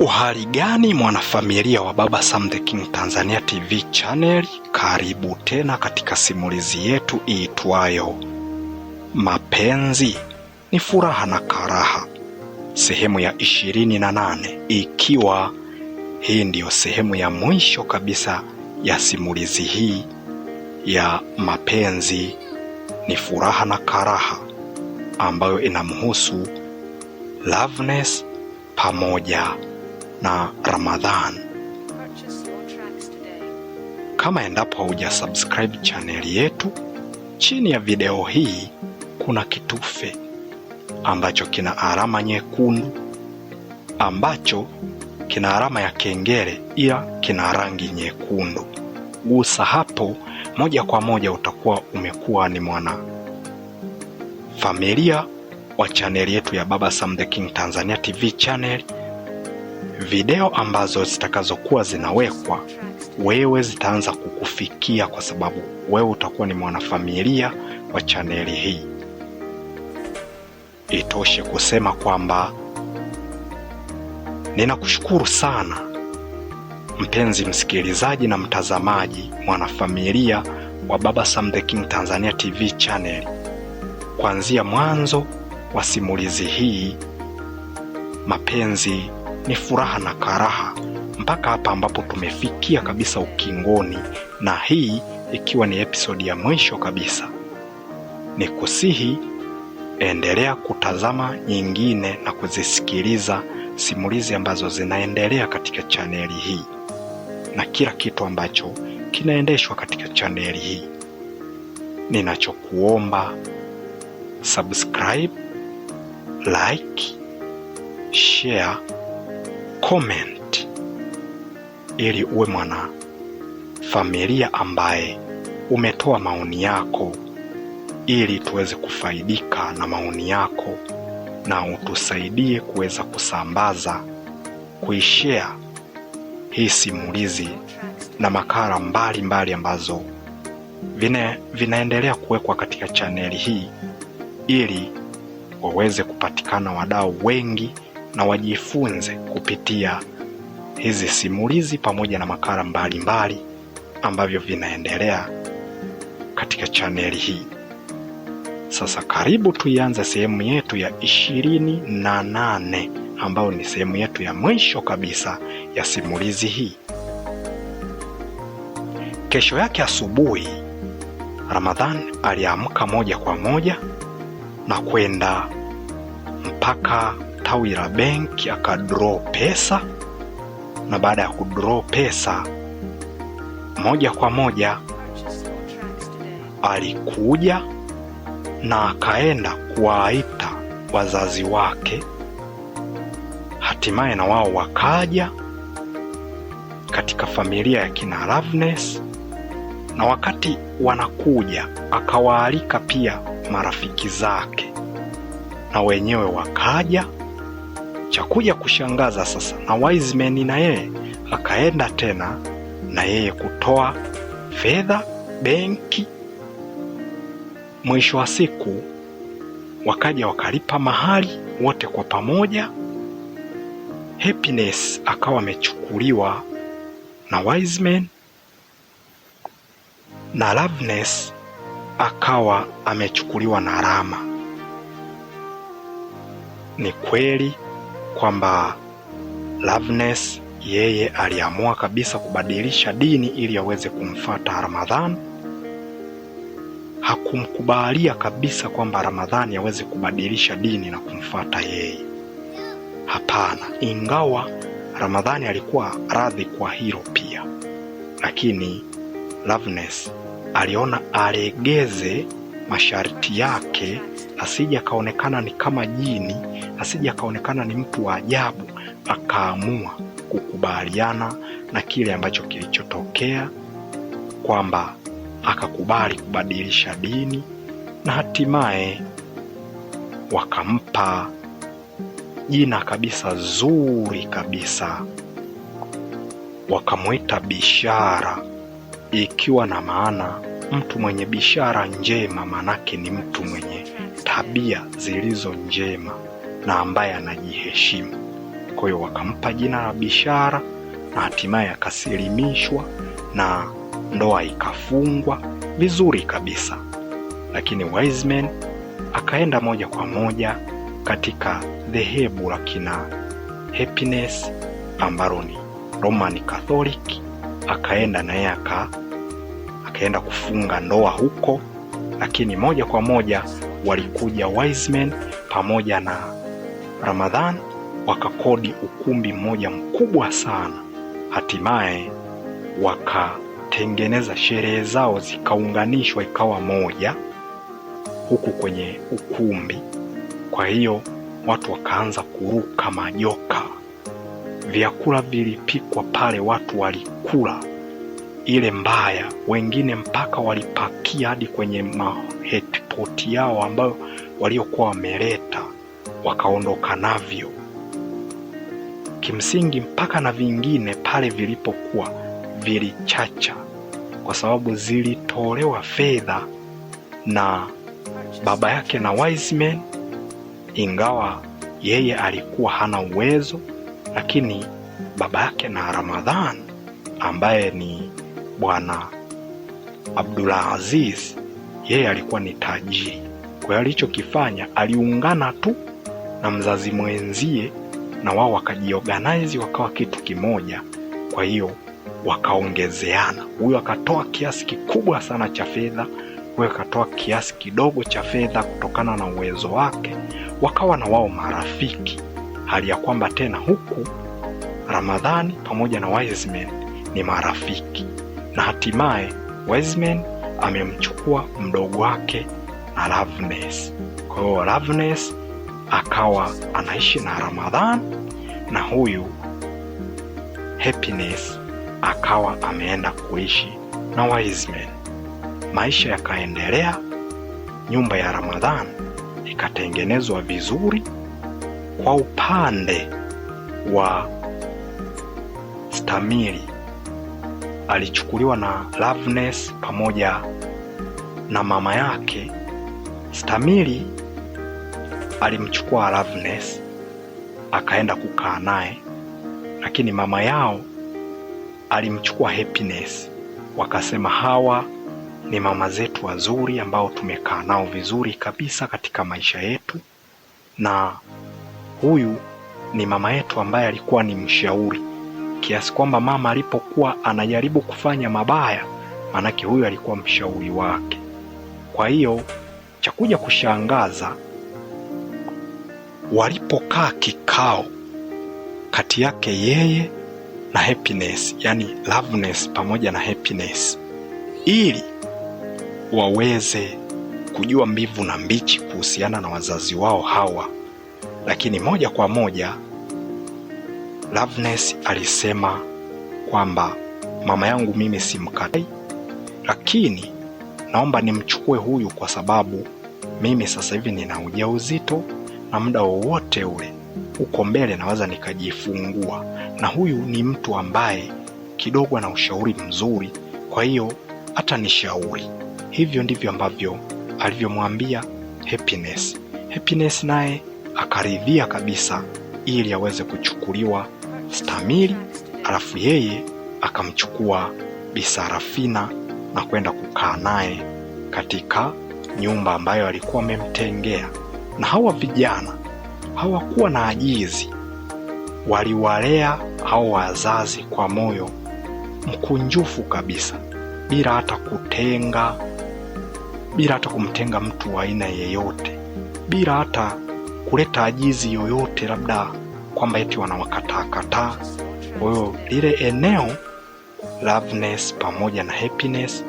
Uhali gani mwanafamilia wa Baba Sam the King Tanzania TV channel, karibu tena katika simulizi yetu iitwayo Mapenzi ni Furaha na Karaha, sehemu ya ishirini na nane, ikiwa hii ndiyo sehemu ya mwisho kabisa ya simulizi hii ya Mapenzi ni Furaha na Karaha ambayo inamhusu Loveness pamoja na Ramadhan. Kama endapo hujasubscribe channel chaneli yetu, chini ya video hii kuna kitufe ambacho kina alama nyekundu ambacho kina alama ya kengele, ila kina rangi nyekundu. Gusa hapo moja kwa moja, utakuwa umekuwa ni mwana familia wa chaneli yetu ya Baba Sam the King Tanzania TV channel video ambazo zitakazokuwa zinawekwa wewe zitaanza kukufikia kwa sababu wewe utakuwa ni mwanafamilia wa chaneli hii. Itoshe kusema kwamba ninakushukuru sana mpenzi msikilizaji na mtazamaji, mwanafamilia wa Baba Sam the King Tanzania TV channel, kuanzia mwanzo wa simulizi hii mapenzi ni furaha na karaha mpaka hapa ambapo tumefikia kabisa ukingoni, na hii ikiwa ni episodi ya mwisho kabisa. Ni kusihi endelea kutazama nyingine na kuzisikiliza simulizi ambazo zinaendelea katika chaneli hii na kila kitu ambacho kinaendeshwa katika chaneli hii. Ninachokuomba subscribe, like, share comment ili uwe mwana familia ambaye umetoa maoni yako ili tuweze kufaidika na maoni yako na utusaidie kuweza kusambaza, kuishea hii simulizi na makala mbalimbali mbali ambazo vine, vinaendelea kuwekwa katika chaneli hii ili waweze kupatikana wadau wengi na wajifunze kupitia hizi simulizi pamoja na makala mbalimbali mbali ambavyo vinaendelea katika chaneli hii. Sasa karibu tuianze sehemu yetu ya ishirini na nane ambayo ni sehemu yetu ya mwisho kabisa ya simulizi hii. Kesho yake asubuhi, Ramadhan aliamka moja kwa moja na kwenda mpaka tawi la benki akadraw pesa, na baada ya kudraw pesa moja kwa moja alikuja na akaenda kuwaita wazazi wake, hatimaye na wao wakaja katika familia ya kina Loveness, na wakati wanakuja akawaalika pia marafiki zake na wenyewe wakaja. Cha kuja kushangaza sasa, na Wiseman na yeye akaenda tena na yeye kutoa fedha benki. Mwisho wa siku wakaja wakalipa mahali wote kwa pamoja. Happiness akawa amechukuliwa na Wiseman na Loveness akawa amechukuliwa na Rama. Ni kweli kwamba Loveness yeye aliamua kabisa kubadilisha dini ili aweze kumfata Ramadhan. Hakumkubalia kabisa kwamba Ramadhani aweze kubadilisha dini na kumfata yeye, hapana. Ingawa Ramadhani alikuwa radhi kwa hilo pia, lakini Loveness aliona alegeze masharti yake asije akaonekana ni kama jini, asije akaonekana ni mtu wa ajabu, akaamua kukubaliana na kile ambacho kilichotokea, kwamba akakubali kubadilisha dini na hatimaye wakampa jina kabisa zuri kabisa, wakamwita Bishara ikiwa na maana Mtu mwenye bishara njema manake ni mtu mwenye tabia zilizo njema na ambaye anajiheshimu. Kwa hiyo wakampa jina la Bishara na hatimaye akasilimishwa na ndoa ikafungwa vizuri kabisa. Lakini Wiseman akaenda moja kwa moja katika dhehebu la kina Happiness ambalo ni Roman Catholic, akaenda na yeye wakaenda kufunga ndoa huko, lakini moja kwa moja walikuja Wiseman pamoja na Ramadhan wakakodi ukumbi mmoja mkubwa sana. Hatimaye wakatengeneza sherehe zao zikaunganishwa ikawa moja huku kwenye ukumbi. Kwa hiyo watu wakaanza kuruka majoka, vyakula vilipikwa pale, watu walikula ile mbaya, wengine mpaka walipakia hadi kwenye mahetipoti yao ambayo waliokuwa wameleta wakaondoka navyo. Kimsingi mpaka na vingine pale vilipokuwa vilichacha, kwa sababu zilitolewa fedha na baba yake na wise men, ingawa yeye alikuwa hana uwezo, lakini baba yake na Ramadhan ambaye ni bwana aziz yeye alikuwa ni tajiri. Kwa hiyo alichokifanya aliungana tu na mzazi mwenzie, na wao wakajiorganize wakawa kitu kimoja. Kwa hiyo wakaongezeana, huyo akatoa kiasi kikubwa sana cha fedha, huyo akatoa kiasi kidogo cha fedha kutokana na uwezo wake, wakawa na wao marafiki, hali ya kwamba tena huku Ramadhani pamoja na Wiseman ni marafiki na hatimaye Wiseman amemchukua mdogo wake na Loveness. Kwa hiyo Loveness akawa anaishi na Ramadhan na huyu Happiness akawa ameenda kuishi na Wiseman. Maisha yakaendelea, nyumba ya Ramadhan ikatengenezwa vizuri. Kwa upande wa Stamili alichukuliwa na Loveness pamoja na mama yake. Stamili alimchukua Loveness akaenda kukaa naye, lakini mama yao alimchukua Happiness. Wakasema hawa ni mama zetu wazuri ambao tumekaa nao vizuri kabisa katika maisha yetu, na huyu ni mama yetu ambaye alikuwa ni mshauri kiasi kwamba mama alipokuwa anajaribu kufanya mabaya, manake huyo alikuwa mshauri wake. Kwa hiyo cha kuja kushangaza, walipokaa kikao kati yake yeye na Happiness, yani Loveness pamoja na Happiness, ili waweze kujua mbivu na mbichi kuhusiana na wazazi wao hawa, lakini moja kwa moja Loveness alisema kwamba mama yangu mimi simkatai, lakini naomba nimchukue huyu kwa sababu mimi sasa hivi nina ujauzito na muda wowote ule huko mbele naweza nikajifungua, na huyu ni mtu ambaye kidogo ana ushauri mzuri, kwa hiyo hata nishauri. Hivyo ndivyo ambavyo alivyomwambia Happiness. Happiness naye akaridhia kabisa ili aweze kuchukuliwa Stamili alafu yeye akamchukua bisarafina na kwenda kukaa naye katika nyumba ambayo alikuwa amemtengea. Na hawa vijana hawakuwa na ajizi, waliwalea hao wazazi kwa moyo mkunjufu kabisa, bila hata kutenga, bila hata kumtenga mtu wa aina yeyote, bila hata kuleta ajizi yoyote labda kwamba eti wanawakataakataa. Kwa hiyo lile eneo Loveness pamoja na Happiness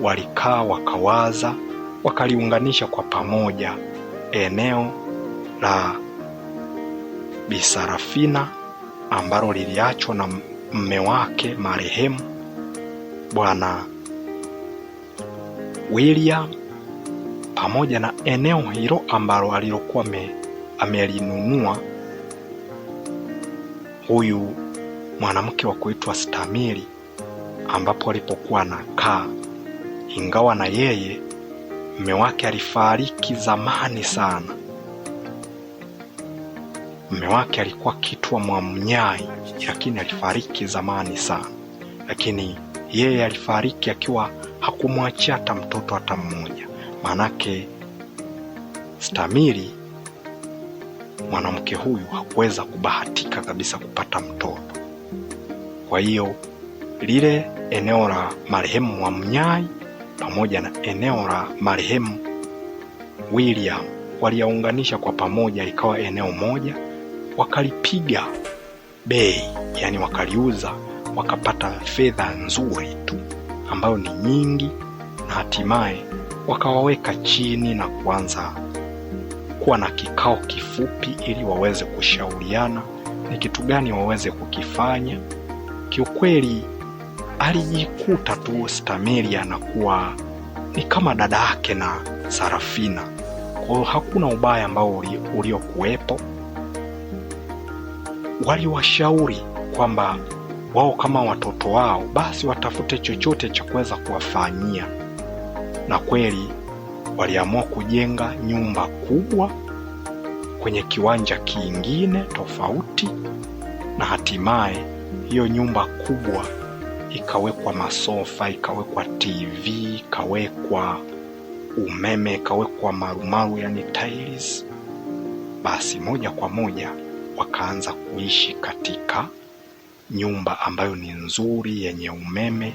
walikaa wakawaza, wakaliunganisha kwa pamoja eneo la Bisarafina ambalo liliachwa na mme wake marehemu Bwana William pamoja na eneo hilo ambalo alilokuwa amelinunua huyu mwanamke wa kuitwa Stamili ambapo alipokuwa anakaa, ingawa na yeye mume wake alifariki zamani sana. Mume wake alikuwa Kitwa Mwamnyai, lakini alifariki zamani sana, lakini yeye alifariki akiwa hakumwachia hata mtoto hata mmoja, maanake Stamili mwanamke huyu hakuweza kubahatika kabisa kupata mtoto. Kwa hiyo lile eneo la marehemu wa Mnyai pamoja na eneo la marehemu William waliyaunganisha kwa pamoja, ikawa eneo moja, wakalipiga bei, yani wakaliuza, wakapata fedha nzuri tu ambayo ni nyingi, na hatimaye wakawaweka chini na kuanza kuwa na kikao kifupi ili waweze kushauriana ni kitu gani waweze kukifanya. Kiukweli alijikuta tu Stameli anakuwa ni kama dada yake na Sarafina, kwa hakuna ubaya ambao uliokuwepo. Waliwashauri kwamba wao kama watoto wao basi watafute chochote cha kuweza kuwafanyia, na kweli waliamua kujenga nyumba kubwa kwenye kiwanja kingine tofauti, na hatimaye hiyo nyumba kubwa ikawekwa masofa, ikawekwa TV, ikawekwa umeme, ikawekwa marumaru, yani tiles. Basi moja kwa moja wakaanza kuishi katika nyumba ambayo ni nzuri, yenye umeme,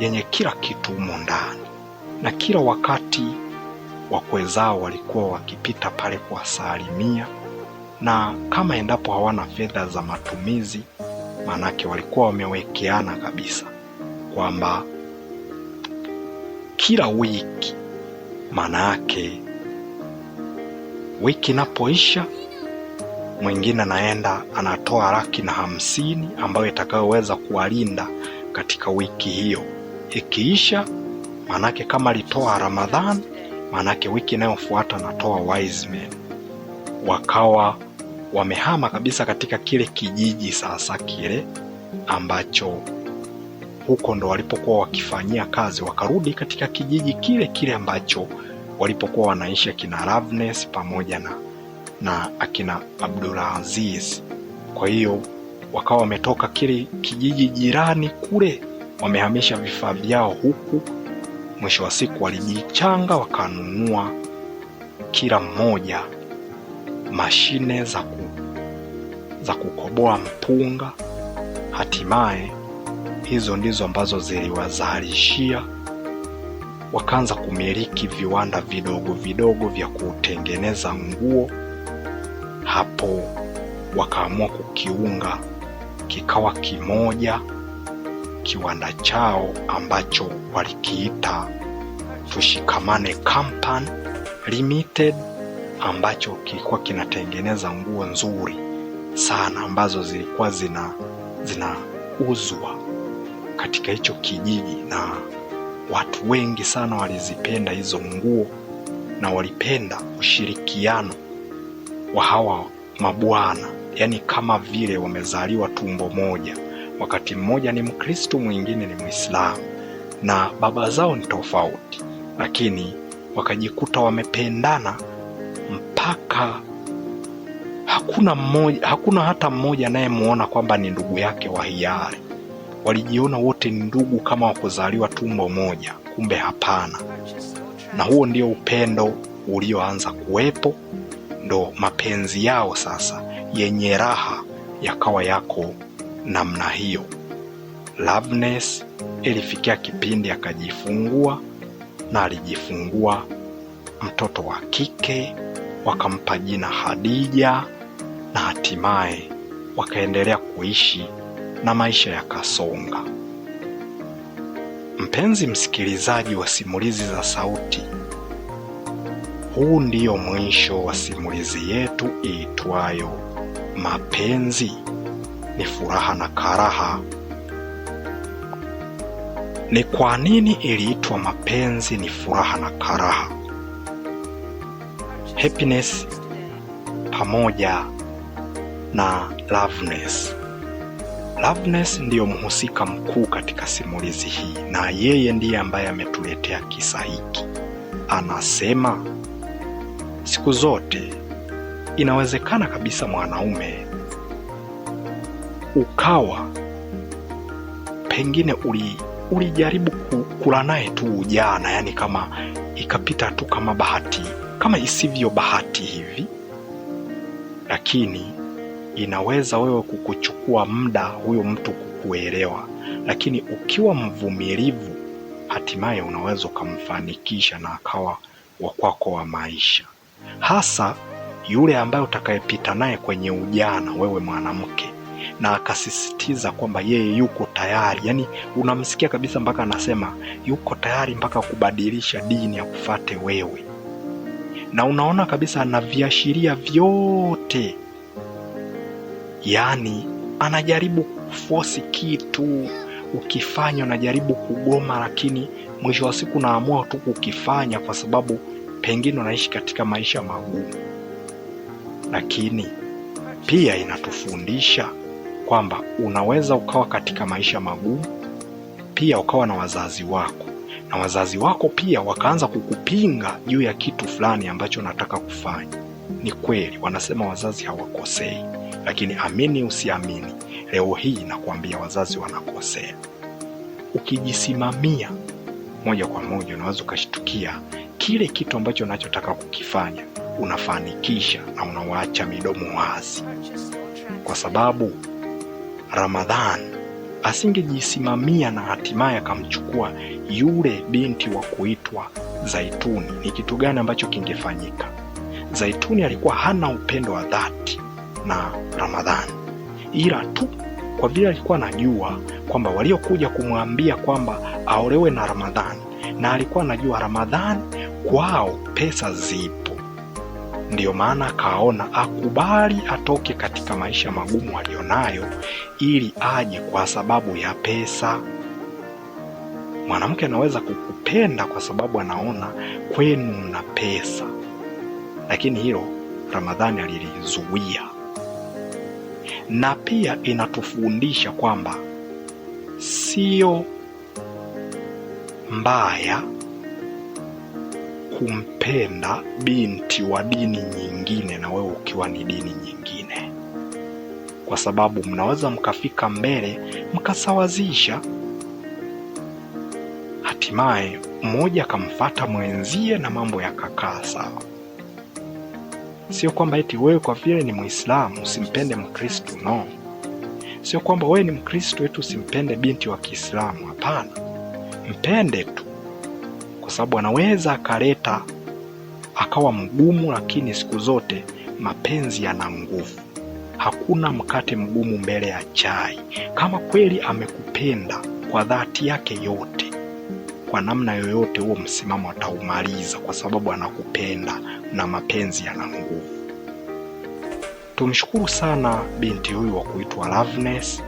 yenye kila kitu humo ndani, na kila wakati wakwezao walikuwa wakipita pale kuwasalimia, na kama endapo hawana fedha za matumizi, maanake walikuwa wamewekeana kabisa kwamba kila wiki, maanake wiki inapoisha mwingine anaenda anatoa laki na hamsini ambayo itakayoweza kuwalinda katika wiki hiyo. Ikiisha, maanake kama alitoa Ramadhani Maanake wiki inayofuata natoa wise men, wakawa wamehama kabisa katika kile kijiji sasa kile ambacho huko ndo walipokuwa wakifanyia kazi, wakarudi katika kijiji kile kile ambacho walipokuwa wanaishi akina Ravnes pamoja na, na akina Abdulaziz. Kwa hiyo wakawa wametoka kile kijiji jirani kule, wamehamisha vifaa vyao huku Mwisho wa siku walijichanga wakanunua kila mmoja mashine za, ku, za kukoboa mpunga. Hatimaye hizo ndizo ambazo ziliwazalishia wakaanza kumiliki viwanda vidogo vidogo vya kutengeneza nguo. Hapo wakaamua kukiunga kikawa kimoja kiwanda chao ambacho walikiita Tushikamane Company Limited ambacho kilikuwa kinatengeneza nguo nzuri sana ambazo zilikuwa zina zinauzwa katika hicho kijiji, na watu wengi sana walizipenda hizo nguo na walipenda ushirikiano wa hawa mabwana, yaani kama vile wamezaliwa tumbo moja wakati mmoja ni Mkristo, mwingine ni Mwislamu, na baba zao ni tofauti, lakini wakajikuta wamependana mpaka hakuna mmoja, hakuna hata mmoja anayemwona kwamba ni ndugu yake wa hiari. Walijiona wote ni ndugu kama wakuzaliwa tumbo moja, kumbe hapana. Na huo ndio upendo ulioanza kuwepo, ndo mapenzi yao sasa yenye raha yakawa yako namna hiyo. Loveness ilifikia kipindi akajifungua na alijifungua mtoto wa kike, wakampa jina Hadija na hatimaye wakaendelea kuishi na maisha yakasonga. Mpenzi msikilizaji wa simulizi za sauti, huu ndiyo mwisho wa simulizi yetu iitwayo Mapenzi ni furaha na karaha. Ni kwa nini iliitwa mapenzi ni furaha na karaha? Happiness pamoja na loveness. Loveness ndiyo mhusika mkuu katika simulizi hii, na yeye ndiye ambaye ametuletea kisa hiki. Anasema siku zote inawezekana kabisa mwanaume ukawa pengine ulijaribu kula naye tu ujana, yani kama ikapita tu kama bahati kama isivyo bahati hivi, lakini inaweza wewe kukuchukua muda huyo mtu kukuelewa, lakini ukiwa mvumilivu, hatimaye unaweza ukamfanikisha na akawa wa kwako wa maisha, hasa yule ambaye utakayepita naye kwenye ujana, wewe mwanamke na akasisitiza kwamba yeye yuko tayari, yaani unamsikia kabisa mpaka anasema yuko tayari mpaka kubadilisha dini ya kufate wewe, na unaona kabisa anaviashiria vyote, yaani anajaribu kufosi kitu ukifanya, unajaribu kugoma, lakini mwisho wa siku naamua tu kukifanya kwa sababu pengine unaishi katika maisha magumu, lakini pia inatufundisha kwamba unaweza ukawa katika maisha magumu, pia ukawa na wazazi wako na wazazi wako pia wakaanza kukupinga juu ya kitu fulani ambacho unataka kufanya. Ni kweli wanasema wazazi hawakosei, lakini amini usiamini, leo hii nakuambia wazazi wanakosea. Ukijisimamia moja kwa moja, unaweza ukashitukia kile kitu ambacho unachotaka kukifanya unafanikisha, na unawaacha midomo wazi, kwa sababu Ramadhan asingejisimamia na hatimaye akamchukua yule binti wa kuitwa Zaituni, ni kitu gani ambacho kingefanyika? Zaituni alikuwa hana upendo wa dhati na Ramadhani, ila tu kwa vile alikuwa anajua kwamba waliokuja kumwambia kwamba aolewe na Ramadhani, na alikuwa anajua Ramadhani kwao pesa zipo Ndiyo maana akaona akubali atoke katika maisha magumu aliyonayo ili aje kwa sababu ya pesa. Mwanamke anaweza kukupenda kwa sababu anaona kwenu na pesa, lakini hilo Ramadhani alilizuia. Na pia inatufundisha kwamba sio mbaya kum kumpenda binti wa dini nyingine na wewe ukiwa ni dini nyingine, kwa sababu mnaweza mkafika mbele mkasawazisha, hatimaye mmoja akamfata mwenzie na mambo yakakaa sawa. Sio kwamba eti wewe kwa vile ni Muislamu usimpende Mkristo, no. Sio kwamba wewe ni Mkristo eti usimpende binti wa Kiislamu, hapana, mpende tu, kwa sababu anaweza akaleta akawa mgumu, lakini siku zote mapenzi yana nguvu. Hakuna mkate mgumu mbele ya chai. Kama kweli amekupenda kwa dhati yake yote, kwa namna yoyote, huo msimamo ataumaliza, kwa sababu anakupenda na mapenzi yana nguvu. Tumshukuru sana binti huyu wa kuitwa Loveness.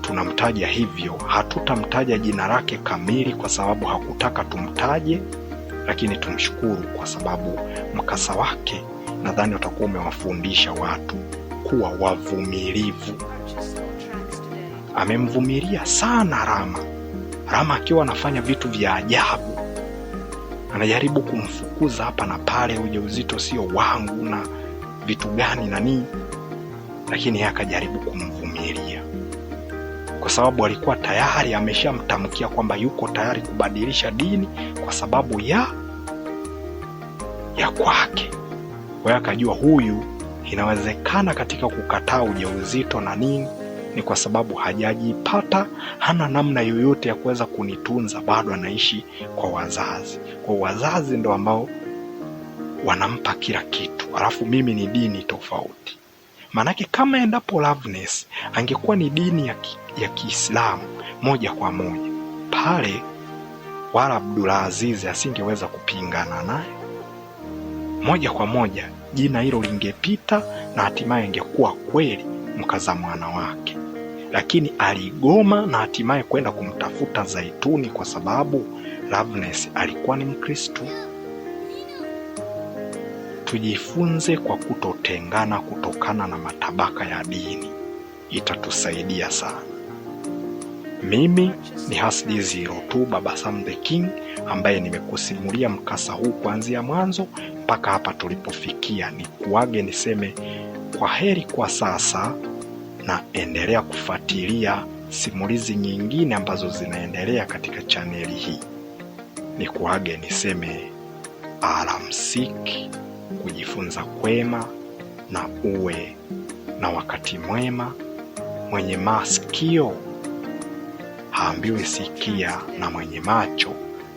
Tunamtaja hivyo, hatutamtaja jina lake kamili kwa sababu hakutaka tumtaje lakini tumshukuru kwa sababu mkasa wake nadhani utakuwa umewafundisha watu kuwa wavumilivu. Amemvumilia sana Rama. Rama akiwa anafanya vitu vya ajabu, anajaribu kumfukuza hapa na pale, ujauzito sio wangu na vitu gani na nini, lakini yeye akajaribu kumvumilia kwa sababu alikuwa tayari ameshamtamkia kwamba yuko tayari kubadilisha dini kwa sababu ya ya kwake. Kwa akajua huyu inawezekana katika kukataa ujauzito na nini ni kwa sababu hajajipata, hana namna yoyote ya kuweza kunitunza, bado anaishi kwa wazazi. Kwa wazazi ndo ambao wanampa kila kitu, alafu mimi ni dini tofauti. Maanake kama endapo Loveness angekuwa ni dini ya, ki, ya Kiislamu moja kwa moja pale, wala Aziz asingeweza kupingana naye moja kwa moja, jina hilo lingepita na hatimaye ingekuwa kweli mkaza mwana wake, lakini aligoma na hatimaye kwenda kumtafuta Zaituni kwa sababu Loveness alikuwa ni Mkristo tujifunze kwa kutotengana kutokana na matabaka ya dini, itatusaidia sana. Mimi ni Hasdi Zero tu, Baba Sam the King, ambaye nimekusimulia mkasa huu kuanzia mwanzo mpaka hapa tulipofikia. Ni kuage niseme kwa heri kwa sasa, na endelea kufuatilia simulizi nyingine ambazo zinaendelea katika chaneli hii. Ni kuage niseme alamsiki kujifunza kwema na uwe na wakati mwema. Mwenye masikio haambiwi sikia, na mwenye macho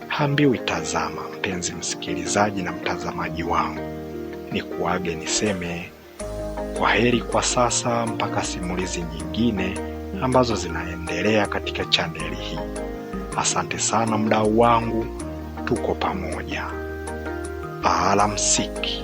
haambiwi tazama. Mpenzi msikilizaji na mtazamaji wangu, ni kuage niseme kwa heri kwa sasa, mpaka simulizi nyingine ambazo zinaendelea katika chaneli hii. Asante sana mdau wangu, tuko pamoja. Alamsiki.